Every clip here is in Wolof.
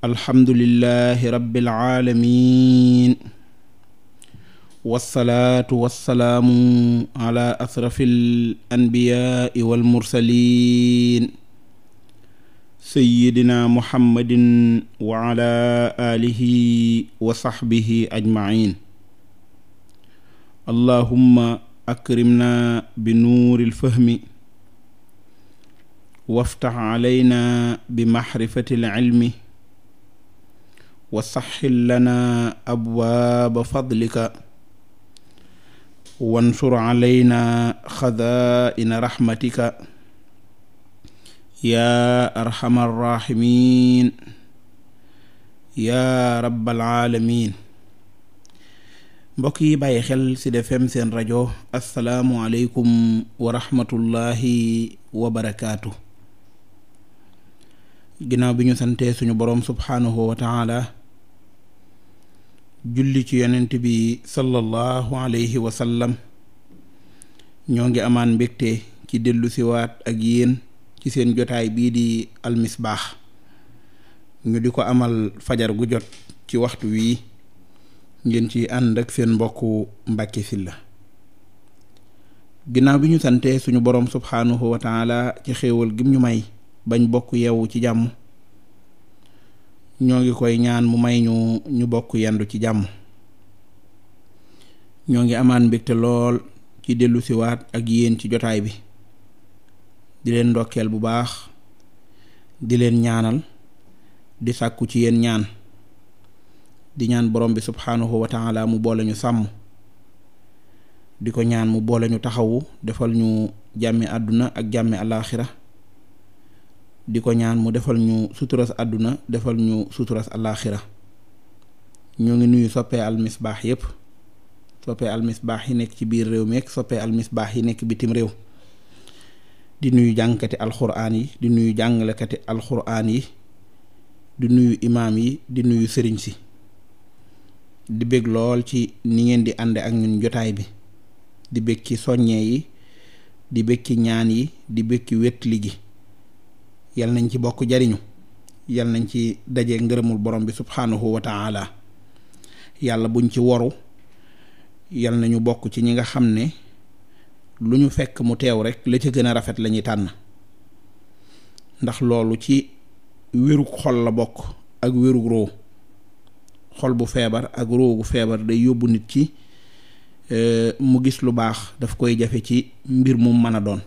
alhamdulillahi rabbil aalamiin wassalaatu wassalaamu ala asrafil anbiyaai wal mursaliin sayyidina muhammadin wa ala aalihi wa saxbihi ajmaciin allahumma akrimna bi nuuril fahmi waftax alayna bi maxrifatil ilmi wa saxxil lana abwaaba fadlika wansur alayna xadaa'ina raxmatika yaa arxama arraximin yaa rabbal aalamin mbokk yi bàyyi xel ci seen rajo asalaamu aleykum wa rahmatullahi wa barakaatu ginnaaw bi ñu santee suñu borom subhaanahu wa julli ci yonent bi sallallahu alayhi wa ñoo ngi amaan mbégte ci dellu siwaat ak yéen ci seen jotaay bii di almisbaax ñu di ko amal fajar gu jot ci waxtu wii ngeen ci ànd ak seen mbokk Mbàkke Sylla ginnaaw bi ñu sante suñu boroom subhaanahu wa taala ci xéewal gim ñu may bañ bokk yeewu ci jàmm ñoo ngi koy ñaan mu may ñu ñu bokk yendu ci jàmm ñoo ngi amaan mbégte lool ci dellusiwaat ak yéen ci jotaay bi di leen ndokkeel bu baax di leen ñaanal di sàkku ci yéen ñaan di ñaan borom bi subhaanahu wa taala mu boole ñu sàmm di ko ñaan mu boole ñu taxawu defal ñu jàmmi àdduna ak jàmmi alaaxira di ko ñaan mu defal ñu suturas àdduna defal ñu suturas àllaaxira ñoo ngi nuyu soppee almisbaax yépp soppee almisbaax yi nekk ci biir réew mi ak soppee almisbaax yi nekk bitim réew di nuyu jàngkati alxuraan yi di nuyu jàngalekati alxuraan yi di nuyu imaam yi di nuyu sëriñ si di bég lool ci ni ngeen di ànde ak ñun jotaay bi di bég ci soññee yi di bég ci ñaan yi di bég ci wét ligi yal nañ ci bokk jariñu yal nañ ci daje ngërëmul borom bi subhaanahu wa taala yàlla buñ ci woru yal nañu bokk ci ñi nga xam ne lu ñu fekk mu teew rek la ci gën a rafet lañuy tànn ndax loolu ci wérug xol la bokk ak wérug roo xol bu feebar ak bu feebar day yóbbu nit ci e, mu gis lu baax daf koy jafe ci mbir mu mën a doon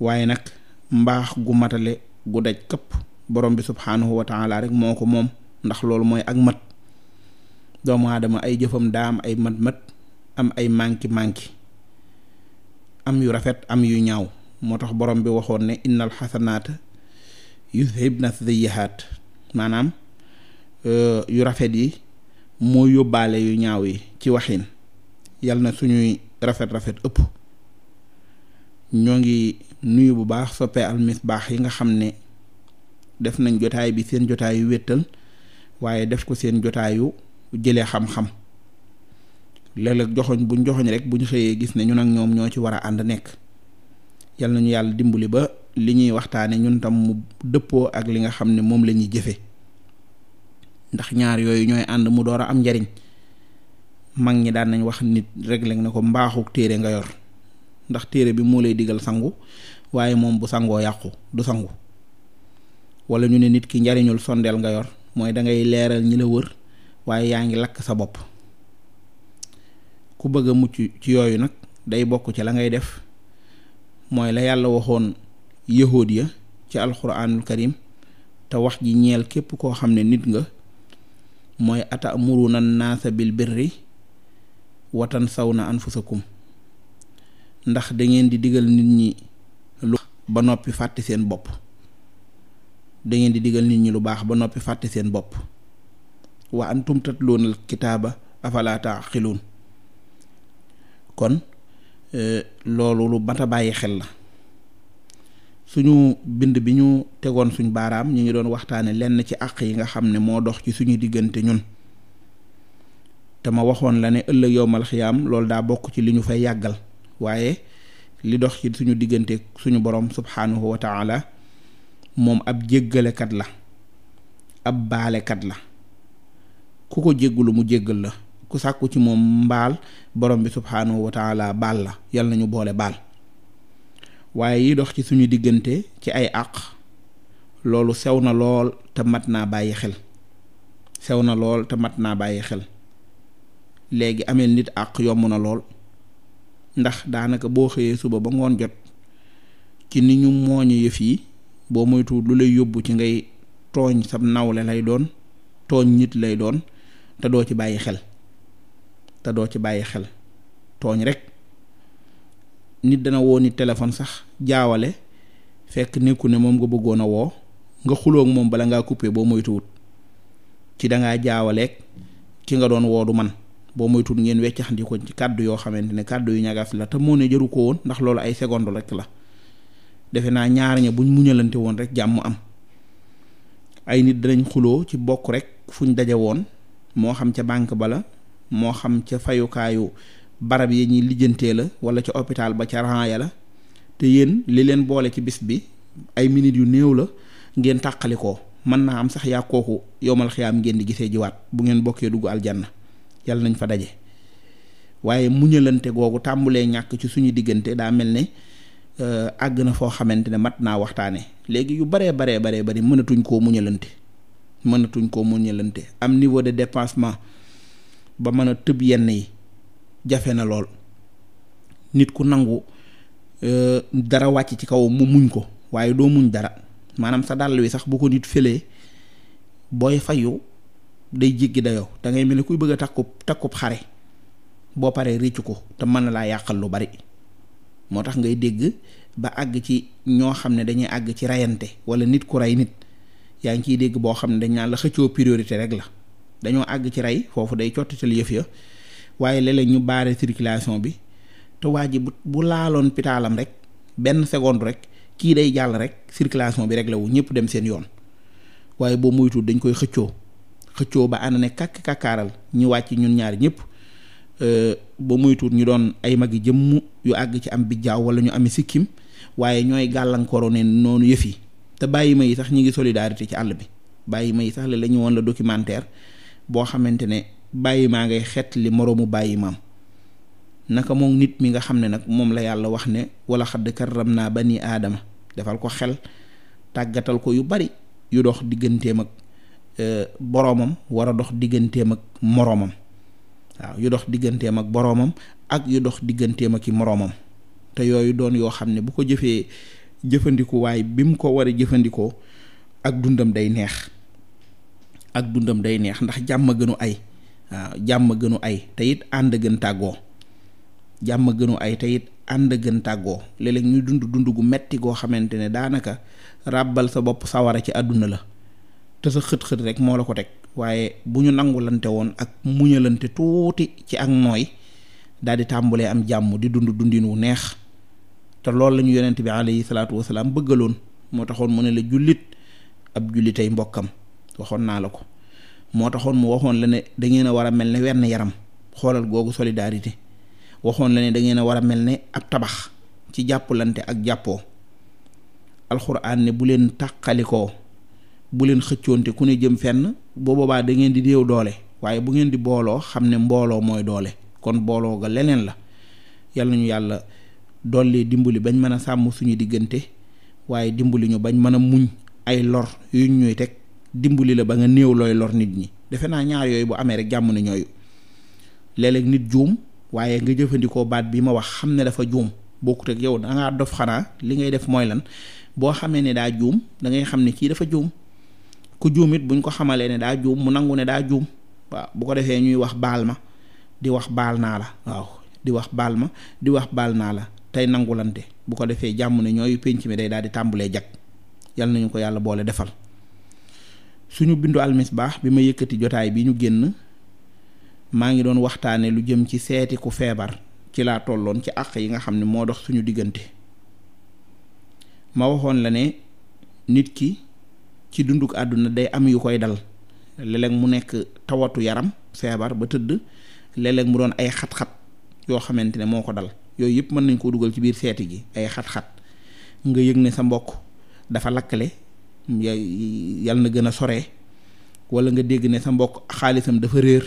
waaye nag mbaax gu matale gu daj këpp borom bi subhaanahu wa taala rek moo ko moom ndax loolu mooy ak mat doomu aadama ay jëfam daa am ay mat-mat am ay manki-manki am yu rafet am yu ñaaw moo tax borom bi waxoon ne innal xasanaata yuzhibna sayyi'aat maanaam euh, yu rafet yi moo yóbbaale yu ñaaw yi ci waxin yal na suñuy rafet-rafet ëpp ñoo ngi nuyu bu baax soppee baax yi nga xam ne def nañ jotaay bi seen jotaayu wéttal waaye def ko seen jotaayu jëlee xam-xam léeg-léeg joxoñ buñ joxoñ rek buñ xëyee gis ne ñun ak ñoom ñoo ci war a ànd nekk yal nañu yàlla dimbali ba li ñuy waxtaane ñun tam mu dëppoo ak li nga xam ne moom lañuy jëfe ndax ñaar yooyu ñooy ànd mu door a am njariñ mag ñi daan nañ wax nit rek na ko mbaaxu téere nga yor ndax téere bi moo lay diggal sangu waaye moom bu sangoo yàqu du sangu wala ñu ne nit ki njariñul sondeel nga yor mooy dangay leeral ñi la wër waaye yaa ngi lakk sa bopp ku bëgg a mucc ci yooyu nag day bokk ci la ngay def mooy la yàlla waxoon yahood ya ci alxuraanul karim te wax ji ñeel képp koo xam ne nit nga mooy ata naa sa bil birri watan saw na anfusakum ndax dangeen di diggal nit ñi lu ba noppi fàtti seen bopp dangeen di diggal nit ñi lu baax ba noppi fàtte seen bopp wa antum loon kitaaba afalaata taaqiluun kon e, loolu lu mat a bàyyi xel la suñu bind bi ñu tegoon suñ baaraam ñu ngi doon waxtaane lenn ci àq yi nga xam ne moo dox ci suñu diggante ñun te ma waxoon la ne ëllëg yowmal xiyaam loolu daa bokk ci li ñu fay yàggal waaye li dox ci suñu diggante suñu borom subhaanahu wa taala moom ab jéggalekat la ab baalekat la ku ko jéggulu mu jéggal la ku sàkku ci moom mbaal borom bi subhaanahu wa taala baal la na ñu boole baal waaye yi dox ci suñu diggante ci ay àq loolu sew na lool te mat naa bàyyi xel sew na lool te mat naa bàyyi xel léegi amel nit àq yomb na lool ndax daanaka boo xëyee suba ba ngoon jot ci ni ñu mooñu yëf yi boo moytu lu lay yóbbu ci ngay tooñ sab nawle lay doon tooñ nit lay doon te doo ci bàyyi xel te doo ci bàyyi xel tooñ rek nit dana woo nit téléphone sax jaawale fekk nekku ne moom nga bëggoon a woo nga xulook moom bala ngaa coupé boo moytuwut ci dangaa jaawaleek ki nga doon woo du man boo moytul ngeen weccax ko ci kàddu yoo xamante ne kàddu yu ñagas la te moo ne jëru ko woon ndax loolu ay seconde rek la defe naa ñaar ña buñ muñalante woon rek jàmm am ay nit danañ xuloo ci bokk rek fu fuñ daje woon moo xam ca banque ba la moo xam ca fayukaayu barab yi ñuy lijjantee la wala ca hôpital ba ca rang la te yéen li leen boole ci bis bi ay minutes yu néew la ngeen tàqali ko mën naa am sax yaa kooku yomal xiyaam ngeen di gisee jiwaat bu ngeen bokkee dugg aljanna yàlla nañ fa daje waaye muñalante googu tàmbulee ñàkk ci suñu diggante daa mel ne euh, àgg na foo xamante ne mat naa waxtaane léegi yu baree baree baree bari mënatuñ koo muñalante mënatuñ koo muñalante am niveau de dépassement ba mën a tëb yenn yi jafe na lool nit ku nangu euh, dara wàcc ci kaw mu muñ ko waaye doo muñ dara maanaam sa dàll wi sax bu ko nit fëlee booy fayu day jéggi dayoo da ngay mel ni kuy bëgg a takkub takkub xare boo paree réccu ko te mën na laa yàqal lu bari moo tax ngay dégg ba àgg ci ñoo xam ne dañuy àgg ci rayante wala nit ku rey nit yaa ngi ciy dégg boo xam ne dañ naan la xëccoo priorité rek la dañoo àgg ci rey foofu day cottital yëf ya waaye léeg ñu baare circulation bi te waa bu bu laaloon pitaalam rek benn seconde rek kii day jàll rek circulation bi rek lawu wu ñëpp dem seen yoon waaye boo moytu dañ koy xëccoo xëccoo ba ànd ne kàkk kakkaaral ñu wàcc ñun ñaar ñëpp euh, ba muy tuut ñu doon ay mag yi jëmm yu àgg ci am bijjaaw wala ñu ami sikkim waaye ñooy gàllankooroo ne noonu yëf yi te bàyyi ma yi sax ñu ngi solidarité ci àll bi bàyyi ma yi sax la la ñu woon la documentaire boo xamante ne bàyyi maa ngay xet li moroomu bàyyi maam naka moom nit mi nga xam ne nag moom la yàlla wax ne wala xadd karram naa ba ni aadama defal ko xel tàggatal ko yu bari yu dox Euh, boroomam war a dox digganteem ak moroomam waaw yu dox digganteem ak boroomam ak yu dox digganteem ak i moroomam te yooyu doon yoo xam ne bu ko jëfee jëfandikuwaay bi mu ko war a jëfandikoo ak dundam day neex ak dundam day neex ndax jàmm gënu ay waaw jàmm gënu ay te it ànd gën tàggoo jàmm gënu ay te it ànd gën tàggoo léeg ñu dund dund gu metti goo xamante ne daanaka ràbbal sa bopp sawara ci àdduna la te sa xët-xët rek moo la ko teg waaye bu ñu nangulante woon ak muñalante tuuti ci ak mooy daal di tàmbulee am jàmm di dund dundin wu neex te loolu la ñu yonent bi alayhi salaatu wasalaam bëggaloon moo taxoon mu ne la jullit ab jullitay mbokkam waxoon naa la ko moo taxoon mu waxoon la ne dangeen a war a mel ne wenn yaram xoolal googu solidarité waxoon la ne dangeen a war a mel ne ab tabax ci jàppalante ak jàppoo alxuraan ne bu leen tàqalikoo bu leen te ku ne jëm fenn boo boobaa da ngeen di déew doole waaye bu ngeen di booloo xam ne mbooloo mooy doole kon booloo ga leneen la yal nañu yàlla dolli dimbali bañ mën a sàmm suñu diggante waaye dimbali ñu bañ mën a muñ ay lor yuñ ñuy teg dimbali la ba nga néew looy lor nit ñi defe naa ñaar yooyu bu amee rek jàmm na ñooyu léeg nit juum waaye nga jëfandikoo baat bi ma wax xam ne dafa juum bokkut ak yow dangaa dof xanaa li ngay def mooy lan boo xamee ne daa juum da ngay xam ne kii dafa juum ku juum bu buñ ko xamalee ne daa juum mu nangu ne daa juum waaw bu ko defee ñuy wax baal ma di wax baal naa la waaw di wax baal ma di wax baal naa la tey nangulante bu ko defee jàmm ne ñooyu pénc mi day daal di tàmbulee jag yal nañu ko yàlla boole defal suñu bindu almis baax bi ma yëkkati jotaay bi ñu génn maa ngi doon waxtaane lu jëm ci seeti ku feebar ci laa tolloon ci àq yi nga xam ne moo dox suñu diggante ma waxoon la ne nit ki ci dunduk àdduna day am yu koy dal léeg mu nekk tawatu yaram feebar ba tëdd léeg mu doon ay xat-xat yoo xamante ne moo ko dal yooyu yëpp mën nañ koo dugal ci biir seeti gi ay xat-xat nga yëg ne sa mbokk dafa lakkale yal na gën a sore wala nga dégg ne sa mbokk xaalisam dafa réer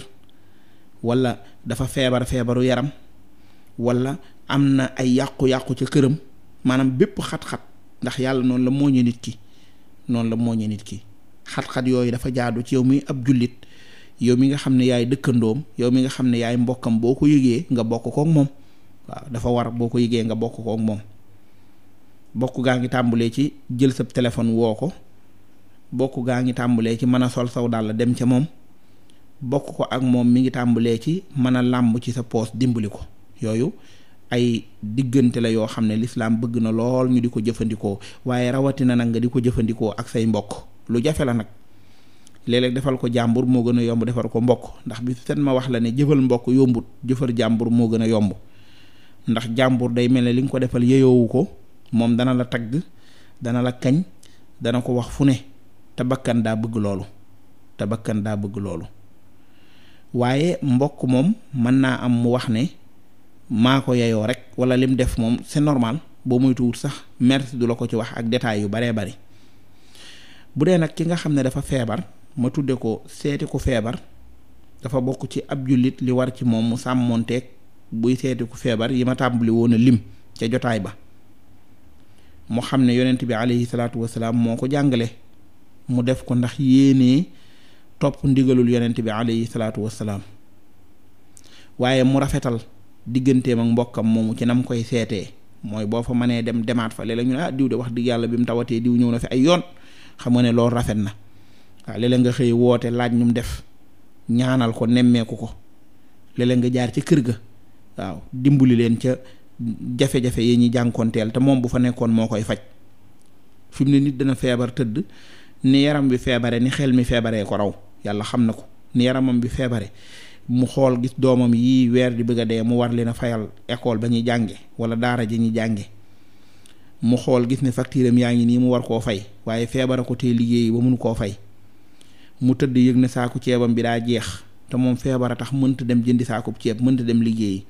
wala dafa feebar feebaru yaram wala am na ay yàqu-yàqu ca këram maanaam bépp xat-xat ndax yàlla noonu la mooñu nit ki noonu la mooñe nit ki xat-xat yooyu dafa jaadu ci yow muy ab jullit yow mi nga xam ne yaay dëkkandoom yow mi nga xam ne yaay mbokkam boo ko yëgee nga bokk kook moom waaw dafa war boo ko yëgee nga bokk kook moom bokk gaa ngi tàmbulee ci jël sa téléphone woo ko bokk gaa ngi tàmbulee ci mën a sol saw dàll dem ca moom bokk ko ak moom mi ngi tàmbulee ci mën a làmb ci sa poos dimbali ko yooyu ay diggante la yoo xam ne lislaam bëgg na lool ñu di ko jëfandikoo waaye rawatina nag nga di ko jëfandikoo ak say mbokk lu jafe la nag léeg defal ko jàmbur moo gën a yomb defal ko mbokk ndax bi seen ma wax la ne jëfal mbokk yombut jëfar jàmbur moo gën a yomb ndax jàmbur day mel ne li nga ko defal yeyoowu ko moom dana la tagg dana la kañ dana ko wax fu ne te bakkan daa bëgg loolu te bakkan daa bëgg loolu waaye mbokk moom mën naa am mu wax ne maa ko yeyoo rek wala lim def moom c'est normal boo moytuwul sax merci du la ko ci wax ak détails yu baree bari bu dee nag ki nga xam ne dafa feebar ma tudde ko seeti ku feebar dafa bokk ci ab jullit li war ci moom mu sàmmonteeg buy seeti ku feebar yi ma tàmbali woon a lim ca jotaay ba mu xam ne yonent bi alayhi salaatu wasalaam moo ko jàngale mu def ko ndax yéenee topp ndigalul yonent bi alayhi salaatu wasalaam waaye mu rafetal digganteem ak mbokkam moomu ci nam koy seetee mooy boo fa manee dem demaat fa léeg-léeg ñu ne ah diw de wax dëgg yàlla bi mu tawatee diw ñëw na fi ay yoon xam nga ne loolu rafet na waaw léeg nga xëy woote laaj ñu mu def ñaanal ko nemmeeku ko léeg nga jaar ci kër ga waaw dimbali leen ca jafe-jafe yi ñuy jànkoonteel te moom bu fa nekkoon moo koy faj fi mu ne nit dana feebar tëdd ni yaram bi feebare ni xel mi feebaree ko raw yàlla xam na ko ni yaramam bi feebare mu xool gis doomam yi weer di bëgg a dee mu war leen a fayal école ba ñuy jànge wala daara ji ñu jànge mu xool gis ne facture yaa ngi nii mu war koo fay waaye feebara ko tee liggéey ba mënu koo fay mu tëdd yëg ne saaku ceebam bi daa jeex te moom feebar a tax mënta dem jëndi saakub ceeb mënta dem liggéeyi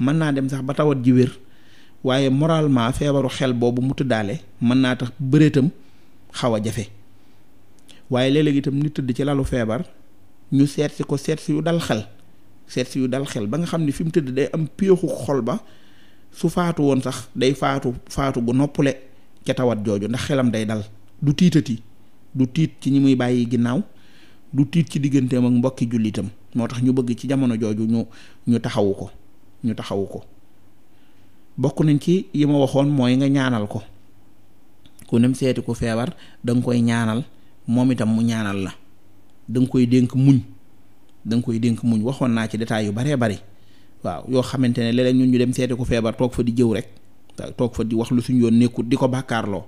mën naa dem sax ba tawat ji wér waaye moralement feebaru xel boobu mu tëddaale mën naa tax bëreetam xaw a jafe waaye léeg-léeg itam nit tëdd ci lalu feebar ñu seet si ko seet si yu seet si yu dal xel ba nga xam ne fi mu tëdd day am péexu xol ba su faatu woon sax day faatu faatu gu noppule ca tawat jooju ndax xelam day dal du tiitati du tiit ci ñi muy bàyyi ginnaaw du tiit ci digganteem ak mbokki jullitam moo tax ñu bëgg ci jamono jooju ñu ñu taxawu ko ñu taxawu ko bokk nañ ci yi ma waxoon mooy nga ñaanal ko ku nem seeti ku feebar danga koy ñaanal moom itam mu ñaanal la da koy dénk muñ da nga koy dénk muñ waxoon naa ci détails yu baree bari waaw yoo xamante ne léeg-léeg ñu dem seete ko feebar toog fa di jëw rek toog fa di wax lu suñ yoon nekkut di ko bàkkaarloo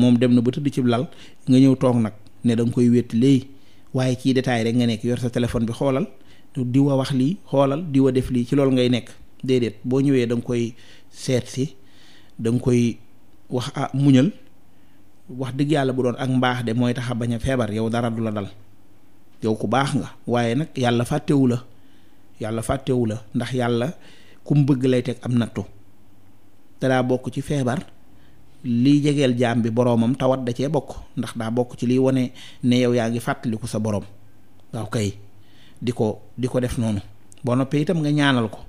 moom dem na ba tëdd cib lal nga ñëw toog nag ne da koy wétti léegi waaye ci détail rek nga nekk yor sa téléphone bi xoolal di wax lii xoolal di wa def lii ci loolu ngay nekk déedéet boo ñëwee danga koy seet si danga koy wax ah muñal wax dëgg yàlla bu doon ak mbaax de mooy tax a bañ a feebar yow dara du la dal yow ku baax nga waaye nag yàlla fàttewu la yàlla fàttewu la ndax yàlla ku mu bëgg lay teg am nattu te daa bokk ci feebar liy jegeel jaam bi boroomam tawat da cee bokk ndax daa bokk ci liy wone ne yow yaa ngi fàttaliku sa boroom waaw kay di ko di ko def noonu boo noppee itam nga ñaanal ko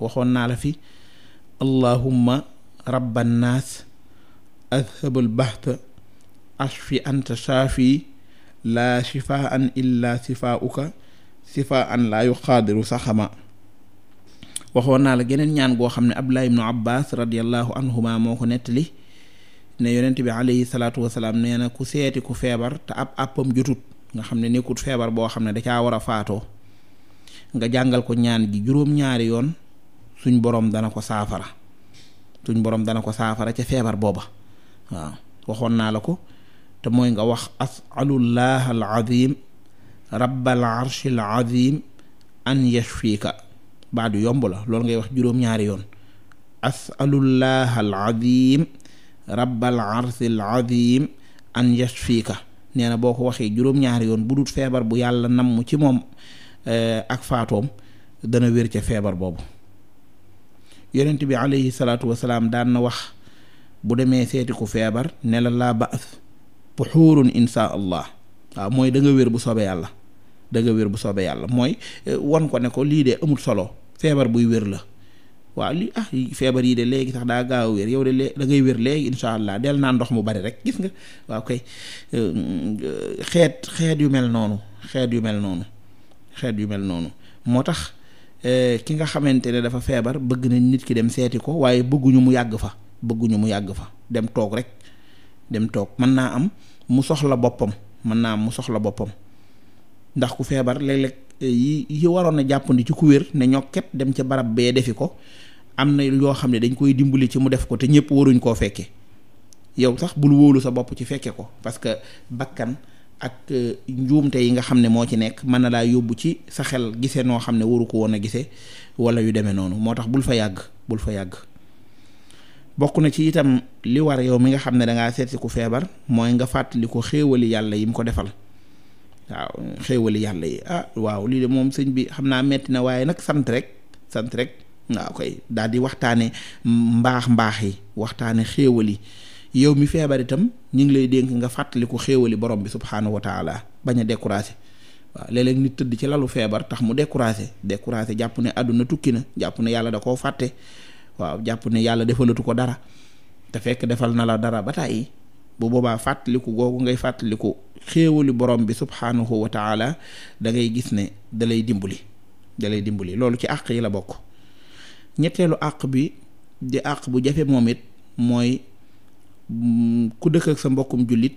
waxoon naa la fi allahumma rabban naas adhabal bahta ashfi anta shaafi laa shifaa an illaa sifaa uka sifaa an laa yuxaadiru saxama waxoon naa la geneen ñaan goo xam ne abdulaah ibnu abbas radiallahu anhuma moo ko nettali ne yonent bi alayhi salaatu wasalaam nee na ku seeti ku feebar te ab àppam jotut nga xam ne nekkut feebar boo xam ne da caa war a faatoo nga jàngal ko ñaan gi juróom-ñaari yoon suñ boroom dana ko saafara suñ boroom dana ko saafara ca feebar booba waaw waxoon naa la ko te mooy nga wax asalullah al azim rabbal arshil azim an yashfika baadu yomb la loolu ngay wax juróom-ñaari yoon asalullah al azim rabbal arshil an yashfika nee na boo ko waxee juróom-ñaari yoon bu dul feebar bu yàlla namm ci moom eh, ak faatoom dana wér ca feebar boobu yonent bi alayhi salaatu wasalaam daan wax bu demee seeti ku feebar ne laa ba's pour buxuurun insha allah waaw mooy danga nga wér bu soobee yàlla da nga wér bu soobee yàlla mooy eh, wan ko ne ko lii de amul solo feebar buy wér la waaw li ah feebar yi de léegi sax daa gaaw a wér yow de lée da ngay wér léegi insha allah del naa ndox mu bari rek gis nga waaw koy xeet xeet yu mel noonu xeet yu mel noonu xeet yu mel noonu moo tax eh, ki nga xamante ne dafa feebar bëgg na nit ki dem seeti ko waaye bëgguñu mu yàgg fa bëgguñu mu yàgg fa dem toog rek dem toog mën naa am mu soxla boppam mën naa am mu soxla boppam ndax ku feebar léeg-léeg eh, yi yi waroon a jàppandi ci ku wér ne ñokket dem ca barab bee defi ko am na yoo xam ne dañ koy dimbali ci mu def ko te ñëpp waruñ koo fekke yow sax bul wóolu sa bopp ci fekke ko parce que bakkan ak eh, njuumte yi nga xam ne moo ci nekk mën na laa yóbbu ci sa xel gise noo xam ne waru ko woon a gise wala yu demee noonu moo tax bul fa yàgg bul fa yàgg bokk na ci itam li war yow mi nga xam ne dangaa seetsi ku feebar mooy nga fàttali ko xéewali yàlla yi mu ko defal waaw xéewali yàlla yi ah waaw lii de moom sëñ bi xam naa metti na waaye nag sant rek sant rek waaw kay daal di waxtaane mbaax mbaax yi waxtaane xéewal yi yow mi feebar itam ñu ngi lay dénk nga fàttali fàttaliku xéewali borom bi subhaanahu wa taala bañ a léeg-léeg nit tëdd ci lalu feebar tax mu découragé découragé jàpp ne àdduna tukki na yàlla waaw jàpp ne yàlla defalatu ko dara te fekk defal na la dara ba tàyyi bu boobaa fàttaliku googu ngay fàttaliku xéewalu borom bi subhaanahu wa taala da ngay gis ne dalay lay dimbali da dimbali loolu ci àq yi la bokk ñetteelu àq bi di àq bu jafe moom it mooy mm, ku dëkk ak sa mbokkum jullit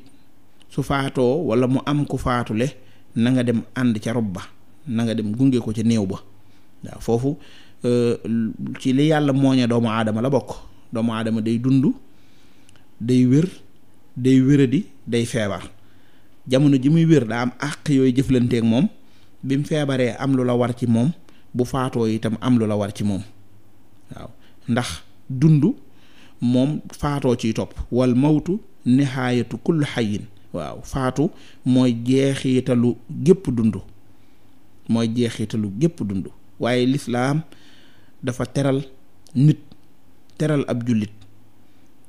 su faatoo wala mu am ku faatule na nga dem ànd ca rob ba nanga dem gunge ko ca néew ba waaw foofu ci li yàlla mooñe doomu aadama la bokk doomu aadama day dund day wér day wéradi day feebar jamono ji muy wér daa am àq yooyu jëflanteek moom bi mu feebaree am lu la war ci moom bu faatoo itam am lu la war ci moom waaw ndax dund moom faatoo ciy topp wal mawtu nihaayatu kulli xayin waaw faatu mooy jeexitalu gépp dund mooy jeexitalu gépp dund waaye lislaam dafa teral nit teral ab jullit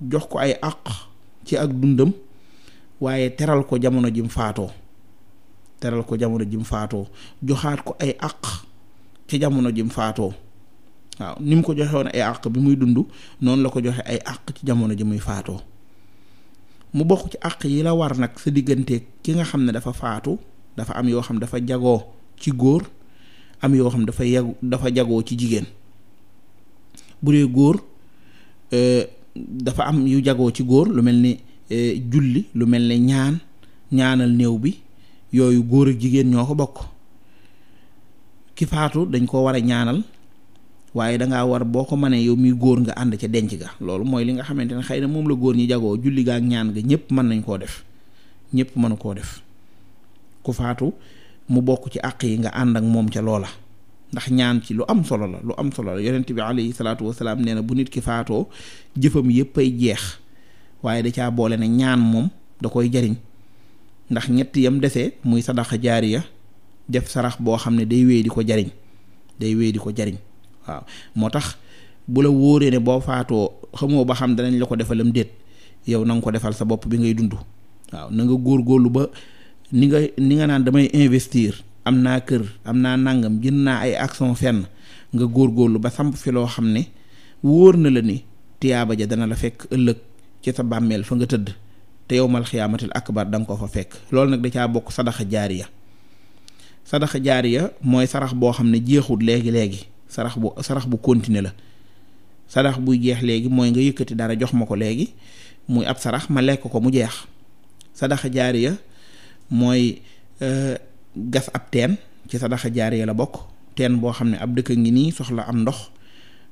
jox ko ay àq ci ak dundam waaye teral ko jamono jim faatoo teral ko jamono jim faatoo joxaat ko ay àq ci jamono jim faatoo waaw ni mu ko joxe woon ay àq bi muy dund noonu la ko joxe ay àq ci jamono ji muy faatoo mu bokk ci àq yi la war nag sa digganteeg ki nga xam ne dafa faatu dafa am yoo xam dafa jagoo ci góor am yoo xam dafa yagu dafa jagoo ci jigéen bu dee góor euh, dafa am yu jagoo ci góor lu mel ni euh, julli lu mel ne ñaan ñaanal néew bi yooyu góor ak jigéen ñoo ko bokk ki faatu dañ koo war a ñaanal waaye dangaa war boo ko mënee yow muy góor nga ànd ca denc ga loolu mooy li nga xamante ne xëy na moom la góor ñi jagoo julli ga ak ñaan ga ñëpp mën nañ koo def ñëpp mënu koo def ku faatu mu bokk ci àq yi nga ànd ak moom ca loola ndax ñaan ci lu am solo la lu am solo la yonent bi alayhi salaatu wasalaam nee na bu nit ki faatoo jëfam yépp ay jeex waaye da caa boole ne ñaan moom da koy jariñ ndax ñett yam dese muy sadaxa ya def sarax boo xam ne day wéy di ko jariñ day wéy di ko jariñ waaw moo tax bu la wóoree ne boo faatoo xamoo ba xam danañ la ko defalam déet yow na nga ko defal sa bopp bi ngay dund waaw na nga góorlu ba ni nga ni nga naan damay investir am naa kër am naa nangam jënd naa ay action fenn nga góor góorgóorlu ba samp fi loo xam ne wóor na la ni tiyaaba ja dana la fekk ëllëg ci sa bàmmeel fa nga tëdd te yowmal xiyaamatil akbar da nga ko fa fekk loolu nag da caa bokk sadaxa jaariya sadaxa jaariya mooy sarax boo xam ne jeexut léegi léegi sarax bu sarax bu continuer la sarax buy jeex léegi mooy nga yëkkati dara jox ma ko léegi muy ab sarax ma lekk ko mu jeex sadaxa ya mooy. Euh, gas ab teen ci sadaxa jaariya la bokk teen boo xam ne ab dëkk ngi nii soxla am ndox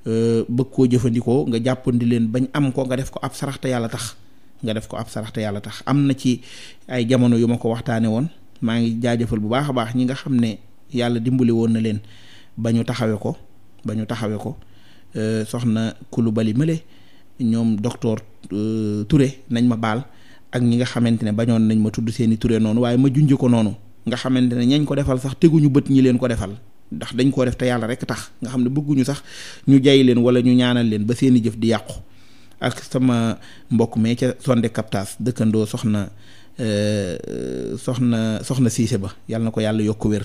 euh, bëgg koo jëfandikoo nga jàppandi leen bañ am ko nga def ko ab sarax yàlla tax nga def ko ab sarax yàlla tax am na ci ay jamono yu ma ko waxtaanee woon maa ngi jaajëfal bu baax a baax ñi nga xam ne yàlla dimbali woon na leen ba ñu taxawee ko bañu taxawee ko euh, soxna bali Mële ñoom docteur euh, Touré nañ ma baal ak ñi nga xamante ne bañoon nañ ma tudd seeni Touré noonu waaye ma junj ko noonu. nga xamante ne ñañ ko defal sax teguñu bët ñi leen ko defal ndax dañ koo def te yàlla rek tax nga xam ne bëgguñu sax ñu jay leen wala ñu ñaanal leen ba seeni jëf di yàqu ak sama mbokk mee ca sonde kaptaas dëkkandoo soxna euh, soxna soxna siise ba yàlla na ko yàlla yokk wér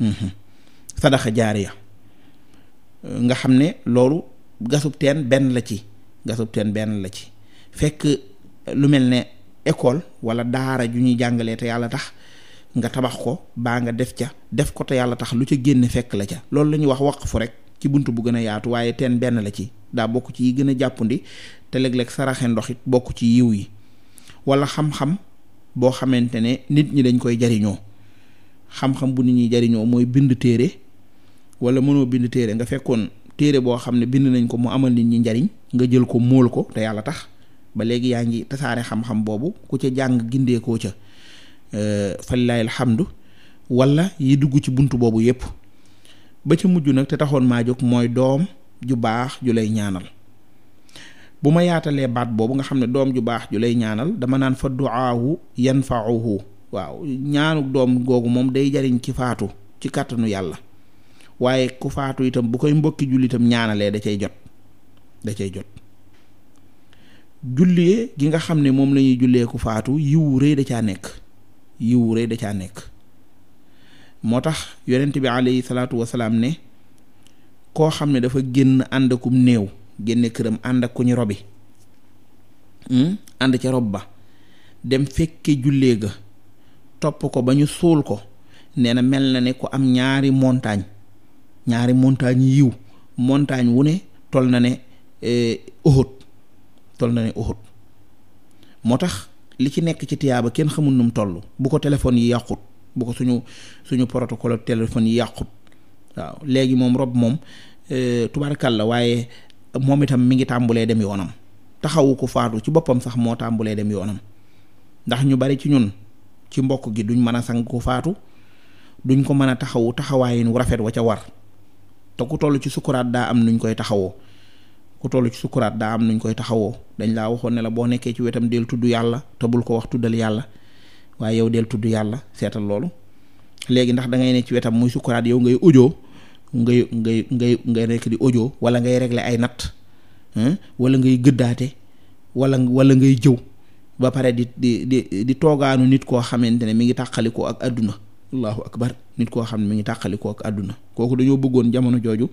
mhm. sadaxa jaariya nga xam ne loolu gasub teen benn la ci gasub teen benn la ci fekk lu mel ne école wala daara ju ñuy jàngalee te yàlla tax nga tabax ko baa nga def ca def ko te yàlla tax lu ca génne fekk la ca loolu la ñuy wax waqfu rek ci bunt bu gën a yaatu waaye teen benn la ci daa bokk ci gën a jàppandi te léeg saraxe ndox it bokk ci yiw yi wala xam-xam boo xamante ne nit ñi dañ koy jariñoo xam-xam bu nit ñi jariñoo mooy bind téere wala mënoo bind téere nga fekkoon téere boo xam ne bind nañ ko mu amal nit ñi njariñ nga jël ko móol ko te yàlla tax ba léegi yaa ngi tasaare xam-xam boobu ku ca jàng gindeekoo ca Euh, falilaay alhamdu wala yi dugg ci bunt boobu yépp ba ci mujj nag te taxoon maa jóg mooy doom ju baax ju lay ñaanal bu ma yaatalee baat boobu nga xam ne doom ju baax ju lay ñaanal dama naan fa duaahu yanfauhu waaw ñaanu doom googu moom day jariñ ci faatu ci kàttanu yàlla waaye ku faatu itam bu koy mbokki jullitam ñaanalee da cay jot da cay jot jullee gi nga xam ne moom lañuy ñuy jullee ku faatu yiwu rëy da caa nekk yiw wu rëy da caa nekk moo tax yonent bi alayhi salaatu wasalaam ne koo xam ne dafa génn ànd akum néew génne këram ànd ak ku ñu robi hmm, ànd ca rob ba dem fekke jullee ga topp ko ba ñu suul ko nee na mel na ne ku am ñaari montagne ñaari montagne yiw montagne wu ne tol na ne eh, Uhud tol na ne Uhud moo tax li ci nekk ci tiyaaba kenn xamul nu mu toll bu ko téléphone yi yàqut bu ko suñu suñu protocole téléphone yi yàqut waaw léegi moom rob moom euh, tubaarkal la waaye moom itam mi ngi tàmbulee dem yoonam taxawu ko faatu ci boppam sax moo tàmbulee dem yoonam ndax ñu bari ci ñun ci mbokk gi duñ mën a sang ko faatu duñ ko mën a taxawu taxawaayin wu rafet wa ca war te ku toll ci sukkuraat daa am nuñ koy taxawoo ku toll ci sukkuraat daa am nuñ koy taxawoo dañ laa waxoon ne la boo nekkee ci wetam del tudd yàlla te ko wax tuddal yàlla waaye yow del tudd yàlla seetal loolu léegi ndax da ngay ne ci wetam muy sukkuraat yow ngay ojoo ngay ngay ngay ngay nekk di ojoo wala ngay régler ay natt wala ngay gëddaate wala wala ngay jëw ba pare di di di di toogaanu nit koo xamante ne mi ngi tàqalikoo ak àdduna allahu akbar nit koo xam ne mu ngi tàqalikoo ak àdduna kooku dañoo bëggoon jamono jooju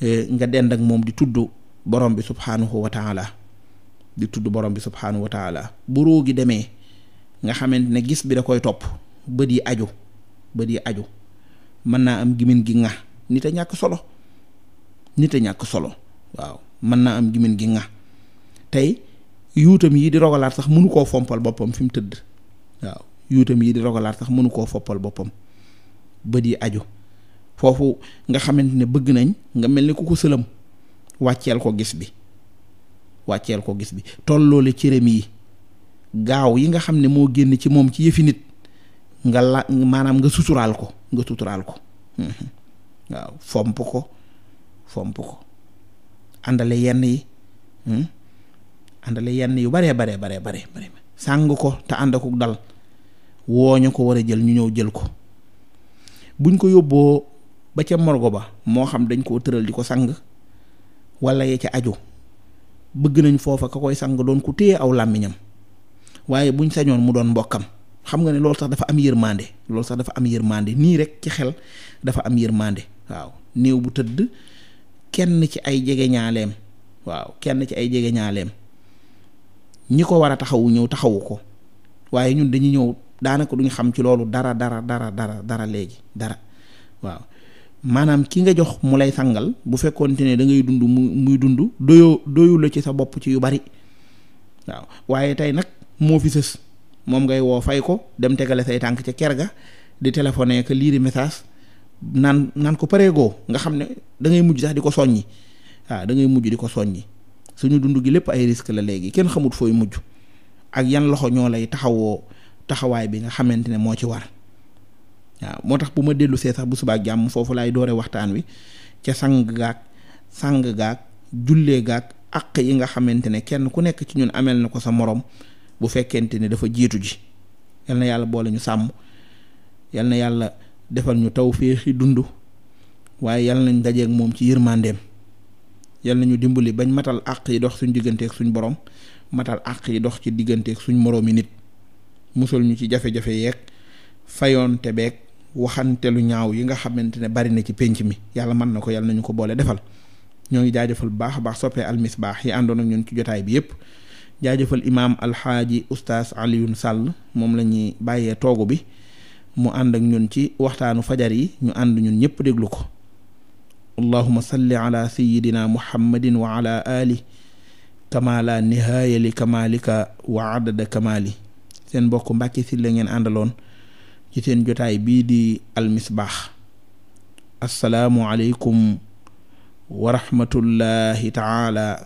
eh, nga dend ak moom di tudd borom bi subhaanahu wa taala di tudd borom bi subhaanahu wa taala bu gi demee nga xamante ne gis bi da koy topp bët yi aju bët yi aju mën naa am gimin gi nga nit ñàkk solo nit ñàkk solo waaw mën am gimin gi nga tey yuutam yi di rogalaat sax mënu koo fompal boppam fi mu tëdd waaw yuutam yi di rogalaat sax mënu koo foppal boppam bët yi aju foofu nga xamante ne bëgg nañ nga mel ni ku ko sëlam wàcceel ko gis bi wàcceel ko gis bi tolloole cëram mii gaaw yi nga xam ne moo génn ci moom ci yëfi nit nga la maanaam nga suturaal ko nga suturaal ko mhm. waaw fomp ko fomp ko àndale yenn yi hmm? àndale yenn yu baree baree baree bare bare sàng ko te ànd dal wooñu ko war a jël ñu ñëw jël ko buñ ko yóbboo ba ca morgo ba moo xam dañ koo tëral di ko sang wala ya ca aju bëgg nañ foofa ka koy sang doon ku téye aw làmmiñam waaye buñ sañoon mu doon mbokkam xam nga ne loolu sax dafa am yërmande loolu sax dafa am yërmande nii rek ci xel dafa am yërmande waaw néew bu tëdd kenn ci ay jege ñaaleem waaw kenn ci ay jege ñaaleem ñi ko war a taxawu ñëw taxawu ko waaye ñun dañu ñëw daanaka duñ xam ci loolu dara dara dara dara dara léegi dara waaw maanaam ki nga jox mu lay sangal bu fekkoonte ne da ngay dund mu muy dund doyoo doyu la ci sa bopp ci yu bari waaw waaye tey nag moo fi sës moom ngay woo fay ko dem tegale say tànk ci ker ga di téléphoné que liiri message naan naan ko pareegoo nga xam ne da ngay mujj sax di ko soññi waaw da ngay mujj di ko soññi suñu dund gi lépp ay risque la léegi kenn xamut fooy mujj ak yan loxo ñoo lay taxawoo taxawaay bi nga xamante ne moo ci war waaw moo tax bu ma dellusee sax bu subaa jàmm foofu laay doore waxtaan wi ca sang gaag sang gaag jullee gaag àq yi nga xamante ne kenn ku nekk ci ñun amel na ko sa moroom bu fekkente ne dafa jiitu ji yal na yàlla boole ñu sàmm yal na yàlla defal ñu taw féexi dund waaye yal nañ dajeek moom ci yërmandeem yal nañu dimbali bañ matal àq yi dox suñ digganteeg suñu borom matal àq yi dox ci digganteeg suñ moroomi nit musal ñu ci jafe-jafe yeeg fayoonte beeg waxante ñaaw yi nga xamante ne bari na ci pénc mi yàlla mën na ko yàlla nañu ko boole defal ñoo ngi jaajëfal bu baax a baax soppee almisbaax yi àndoon ak ñun ci jotaay bi yëpp jaajëfal imaam alxaaji oustaz Alioune Sall moom lañuy bàyyee toogu bi mu ànd ak ñun ci waxtaanu fajar yi ñu ànd ñun ñëpp déglu ko allahuma salli ala sayidina muhammadin wa ala ali kamala nihaaya li kamalika wa adada kamali seen mbokk Mbàkke si la ngeen àndaloon ci seen jotaay bii di almisbaax asalaamualeykum wa rahmatullahi taala